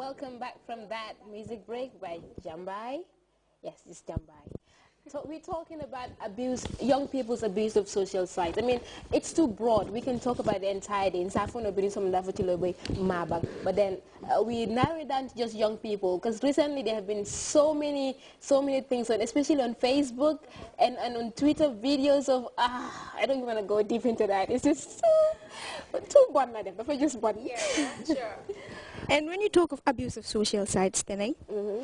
welcome back from that music break by Jambai. Yes, it's Jambai. So we're talking about abuse, young people's abuse of social sites. I mean, it's too broad. We can talk about the entire day. But then uh, we narrow it down to just young people because recently there have been so many, so many things, on, especially on Facebook and, and on Twitter, videos of, ah, I don't even want to go deep into that. It's just too too one, madam. But just one. Yeah, sure. And when you talk of abuse of social sites, Teneng, mm -hmm.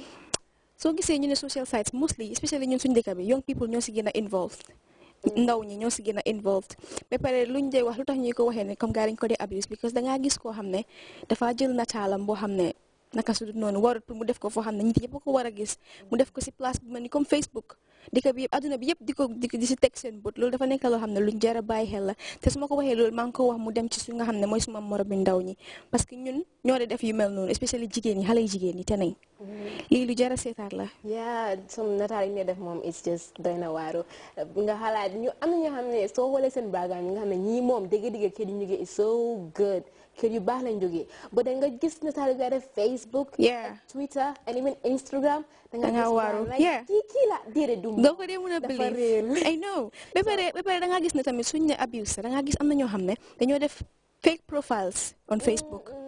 so you say, you know, social sites, mostly, especially in Sundekabi, young people know get involved. Mm-hmm. ndaw ñi ñoo si gën a involved ba lu luñ dee wax lu tax ñu ko waxee ne comme gars dañ ko dee abuse because dangaa gis koo xam ne dafa jël nataalam boo xam ne naka su dul noonu warut mu def ko foo xam ne nit yëpp ko war a gis mu def ko si place bu mel ni comme Facebook di bi yëpp adduna bi yëpp di si teg seen bët loolu dafa nekk la loolu xam ne mm-hmm. a seetaat la yaa moom it's just doy na waaru nga xalaat ñu am soo xoolee seen baagaam moom dégg-dégg good kër yu baax lañ jógee ba da nga gis ne taal nga def Facebook. Twitter and even Instagram. nga gis waaru kii kii la déedéet du doo ko dee mun a believe I know ba pare ba pare da gis ne tamit suñ ne abuse da nga gis am na ñoo xam ne dañoo def fake profiles on Facebook. Mm-hmm.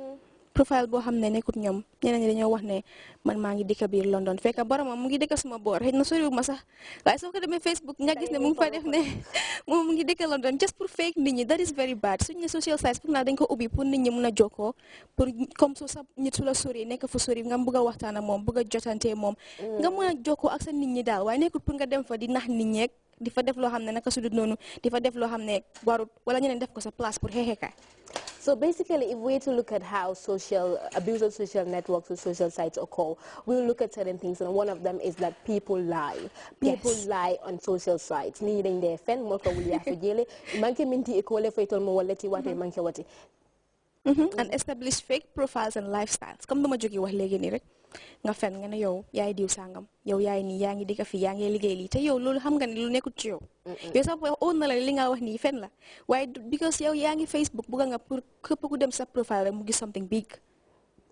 profile bo xamne nekut ñom ñeneen ñi dañoo wax ne man maangi dikka biir London fekk borom mu ngi dikka suma bor xëy na soriwu ma sax way ko Facebook nga gis ne mu ngi fa def ne mu ngi dikka London just pour fake nit ñi that is very bad suñu ne social science pour na dañ ko ubi pour nit ñi mëna joko pour comme so sa nit su la sori nekk fu sori nga joko waxtaan ak mom bëgga jotanté mom mm. nga mëna joko ak sa nit ñi daal way nekut pour nga dem fa di nax nit ñeeg di fa def lo xamne naka sudut nonu di fa def lo xamne warut wala ñeneen def ko sa place pour hehe kay So basically, if we're to look at how social abuse of social networks or social sites occur, we'll look at certain things, and one of them is that people lie. People yes. lie on social sites. Ni dañ dee fen moo ko wuli yaa fa jële manqué minti école faytol mo wala ci waatee mm-hmm. manqué wati mm-hmm. and mm. establish fake profiles and lifestyles comme dama jógee wax léegi nii rek nga fen nga ne yow yaay diw sàngam yow yaay nii yaa ngi dëkk fi yaa ngi liggéey lii te yow loolu xam nga ne lu nekkul ci yow yow sax oon na la li nga wax nii fen la waaye because yow yaa ngi Facebook bugga nga pour képp ku dem sa profile rek mu gis something big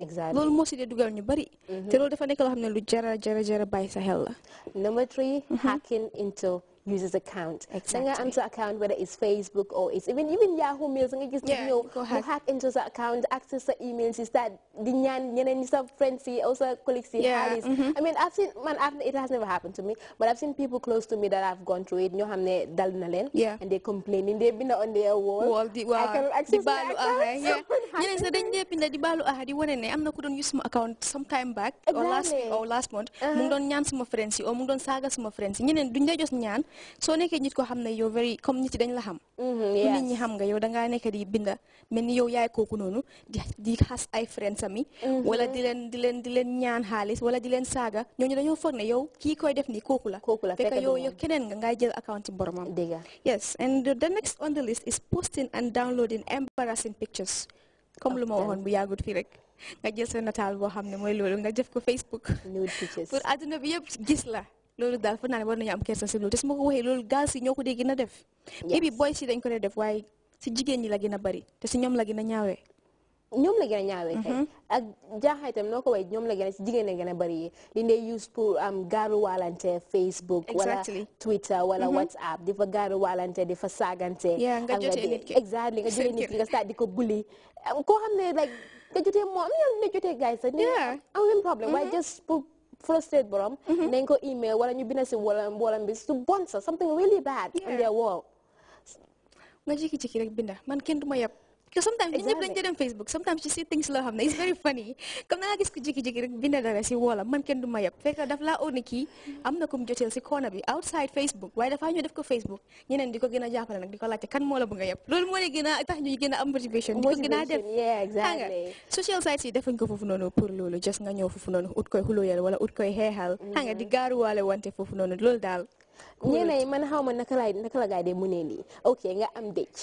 exactly loolu moo si dee dugal ñu bari mm-hmm. te loolu dafa nekk loo xam ne lu jara jara jara bàyyi sa xel la number three mm-hmm. hacking into user's account. Exactly. Nga into account, whether it's Facebook or it's even even Yahoo Mail, nga gis yeah, you hack. into the account, access the emails, is that the nyan, nyan, sa friends, also colleagues, yeah, mm -hmm. I mean, I've seen, man, I've, it has never happened to me, but I've seen people close to me that have gone through it, ñoo xam ne dal na leen. and they are complaining, they've been on their wall. wall di waaw di baalu ah yeah. ñeneen sax dañ dee pinda di baalu ah di wane ne am not ku doon use my account some time back. or last or last month. mu ngi uh-huh. doon ñaan sama friends yi or mu ngi doon saaga sama friends yi ñeneen just lay soo nekkee nit ko xam ne yow very comme nit yi dañ la xam lu mm-hmm, ñi xam nga yow dangaa nekk di binda mel ni yow yaay kooku noonu di xas ay friends sami mm-hmm. wala di leen di leen di leen ñaan xaalis wala di leen saaga ñooñu dañoo foog ne yow kii koy def ni koku la kooku la fekk yow yow keneen nga ngay jël account ci boromam yes and the next on the list is posting and downloading embarrassing pictures comme lu ma waxoon bu yàggut fii rek nga jël sa nataal boo xam ne mooy loolu nga jëf ko Facebook pour àdduna bi yëpp gis la loolu daal fa naa ne war nañu am kersa si loolu te su ma ko waxee loolu gaal si ñoo ko dee gën a def bi boy si dañ ko dee def waaye ñi la gën a bari te si ñoom la gën a ñaawee ñoom la gën a ñaawee kay mm-hmm. ak jaaxaay noo ko way ñoom la gën a si jigéen la gën a bari yi li ndey use pour am gaaru waalante Facebook wala Twitter wala mm-hmm. WhatsApp di fa gaaru waalante di fa saagante nga jotee nit ki exactly nga jotee nit ki nga saat di ko bulli koo xam ne like nga jotee moom ñoom ne jotee gars yi sax am même problème waaye mm-hmm. just frustrated, borom mm-hmm. nañ ko email wala ñu binda ci wala mbolam bi su bon sa something really bad on their wall nga jiki jékki rek binda man kenn duma yapp te sometimes ñun ñëpp lañ jëlee Facebook sometimes ci si things loo xam ne it's very funny comme na nga gis ko jékki rek bind dara si woolam man kenn du ma yeb daf laa oo ne kii am na ko mu joteel si corner bi outside Facebook waaye dafaa ñëw def ko Facebook ñeneen di ko gën a jàppale nag di ko laajte kan moo la bëgg a yeb loolu moo lay gën a tax ñuy gën a am motivation di def nga social sites yi defuñ ko foofu noonu pour loolu just nga ñëw foofu noonu ut koy xulóoyal wala ut koy xeexal mm-hmm. xam foofu noonu loolu daal ñeneen yi man xaw man naka laay naka la ok nga am dëj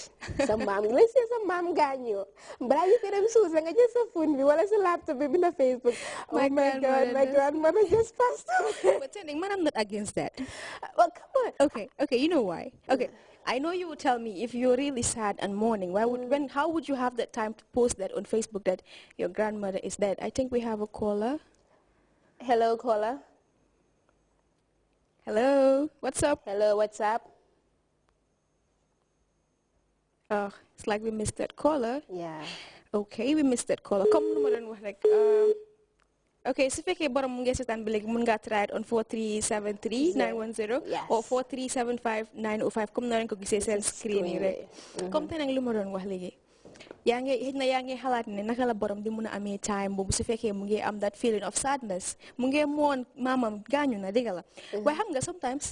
sa mam, la see sa mam ganyo. balaa ñu ko dem sa nga jël sa phone bi wala sa laptop bi na Facebook. oh my god my grandmother just passed away. but Tending, man, I'm not against that. Uh, well, come on. Okay, okay, you know why? Okay. I know you would tell me if you're really sad and mourning, why would, mm. when, how would you have that time to post that on Facebook that your grandmother is dead? I think we have a caller. Hello, caller. Hello, what's up? Hello, what's up? Oh, it's like we missed that caller. Yeah. Okay, we missed that caller. Come on, dan wax um, Okay, so fekkee borom mu ngi seetaan ba léegi mun ngaa try it on 4373910 910 or 4375905 comme noonu ko gisee seen screen yi rek. comme mm-hmm. te nag yaa ngi xëy na yaa ngi halat ne naka la borom di muna ame time boobu su fekke mu ngi am that feeling of sadness mu ngi mon mama gaañu na digala la xam nga sometimes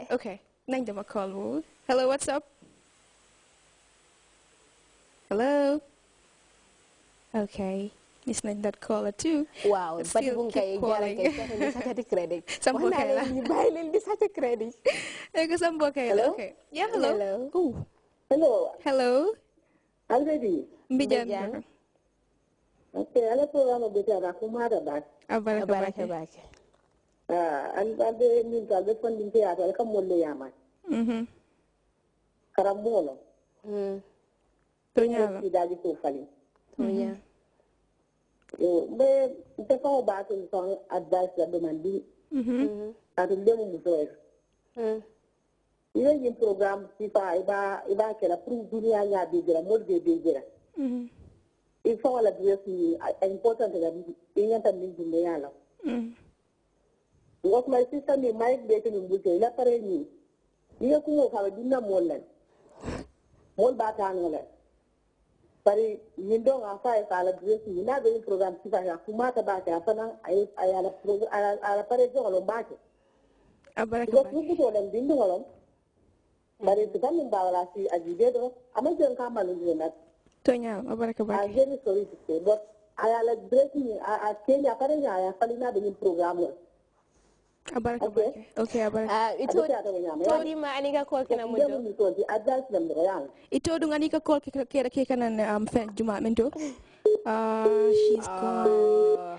eh. okay nañ dama call boobu hello what's up hello okay gis not that caller too Wow, but bu nga koy jaarale di sàcc crédit sa mbokk la ñu bàyyi leen di sàcc crédit sa mbokk la Okay. yeah hello hello oh. hello already mbijang okay ala programa betara kumara bak abaraka baraka bake ah an babe min ka be funding te ata kam mm-hmm. molle yama mhm karam bolo mhm to nya nyala ti dali ko fali to nya yo be te ko ba ko advice da do mandi mhm atu demu musoe mhm ile yin program sifa iba iba kela pour dunia nya bijira mhm. mhm. mol be bijira mhm ifa wala dress ni important la inganta min la mhm ngok my sister ni mike be ni mbuje la pare ni ni ko ngo ka dunna mol la mol ba ta no la pare min do nga fa ifa la dress ni na be program sifa ya kuma ta ba ta fa nan ay ay ala program ala pare jo lo ba ke abaraka ba ko ko to lan din do lo bari tuga kan min bawla si ajibe do ama jen ka malu Tanya, na tonya abaraka ba ajeri sorry se but aya la breaking, ni a kenya kare ya ya falina da yin program abaraka ba okay abaraka ah ito to di ma ani ka kol kana mo do to di adas na mo yan ito dun ani ka kol ke ke kana am fa juma min ah she's gone ah.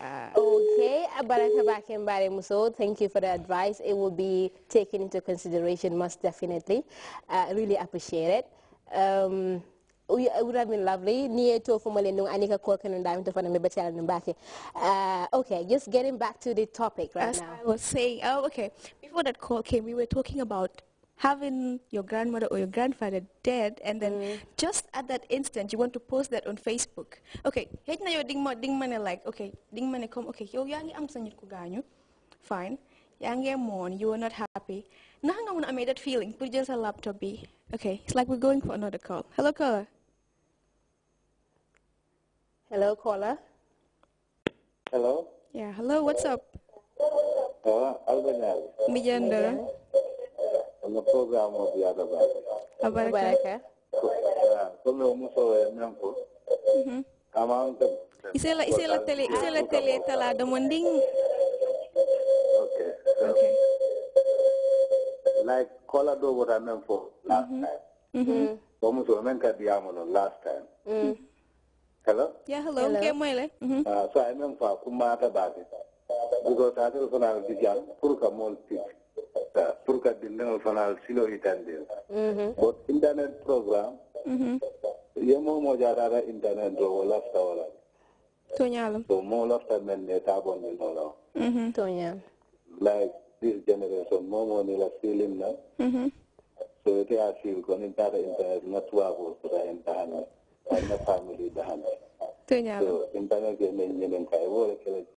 Uh, okay, in Bakembare Muso, thank you for the advice. It will be taken into consideration most definitely. I uh, really appreciate it. Um, it would have been lovely. Near to formally Anika Korkan and Diamond for the back. Uh, okay, just getting back to the topic right As now. I was saying, oh, okay. Before that call came, we were talking about having your grandmother or your grandfather dead and then mm. just at that instant you want to post that on Facebook. Okay, hate na yo ding mo ding mane like okay, ding mane come okay, yo yangi am sa ko gañu. Fine. Yangi mourn, you are not happy. Nah mo na made that feeling. Put just a laptop be. Okay, it's like we're going for another call. Hello caller. Hello caller. Hello. Yeah, hello, what's up? Uh, Albanel. Mijandara. nga programme o biyaɗo baraka comme o musowo e men fo kama isela isela télé isela télé talaɗo mo ndin ok okay like kola ɗo wota men fo last time o musowo men kadiyamo no last time hello yeah hello ke moyle mm-hmm. uh, so ay men fa kummata baake because atel fana jijal pour que mool pic pour ka dindiŋol fanaŋ siloo itandin bot internet mm-hmm. programme mm-hmm. ye moo moo jaataata internet do wo lafta wo la toñaalum moo lafta men ne taabonni noo la mm-hmm. toñaal like this generation moo moo ni la siilim na so ite a siil kon intaata internet na tubaaboo sota en dahane ay na family dahane toñaalum so internet ye men ñenen kay e wo le kele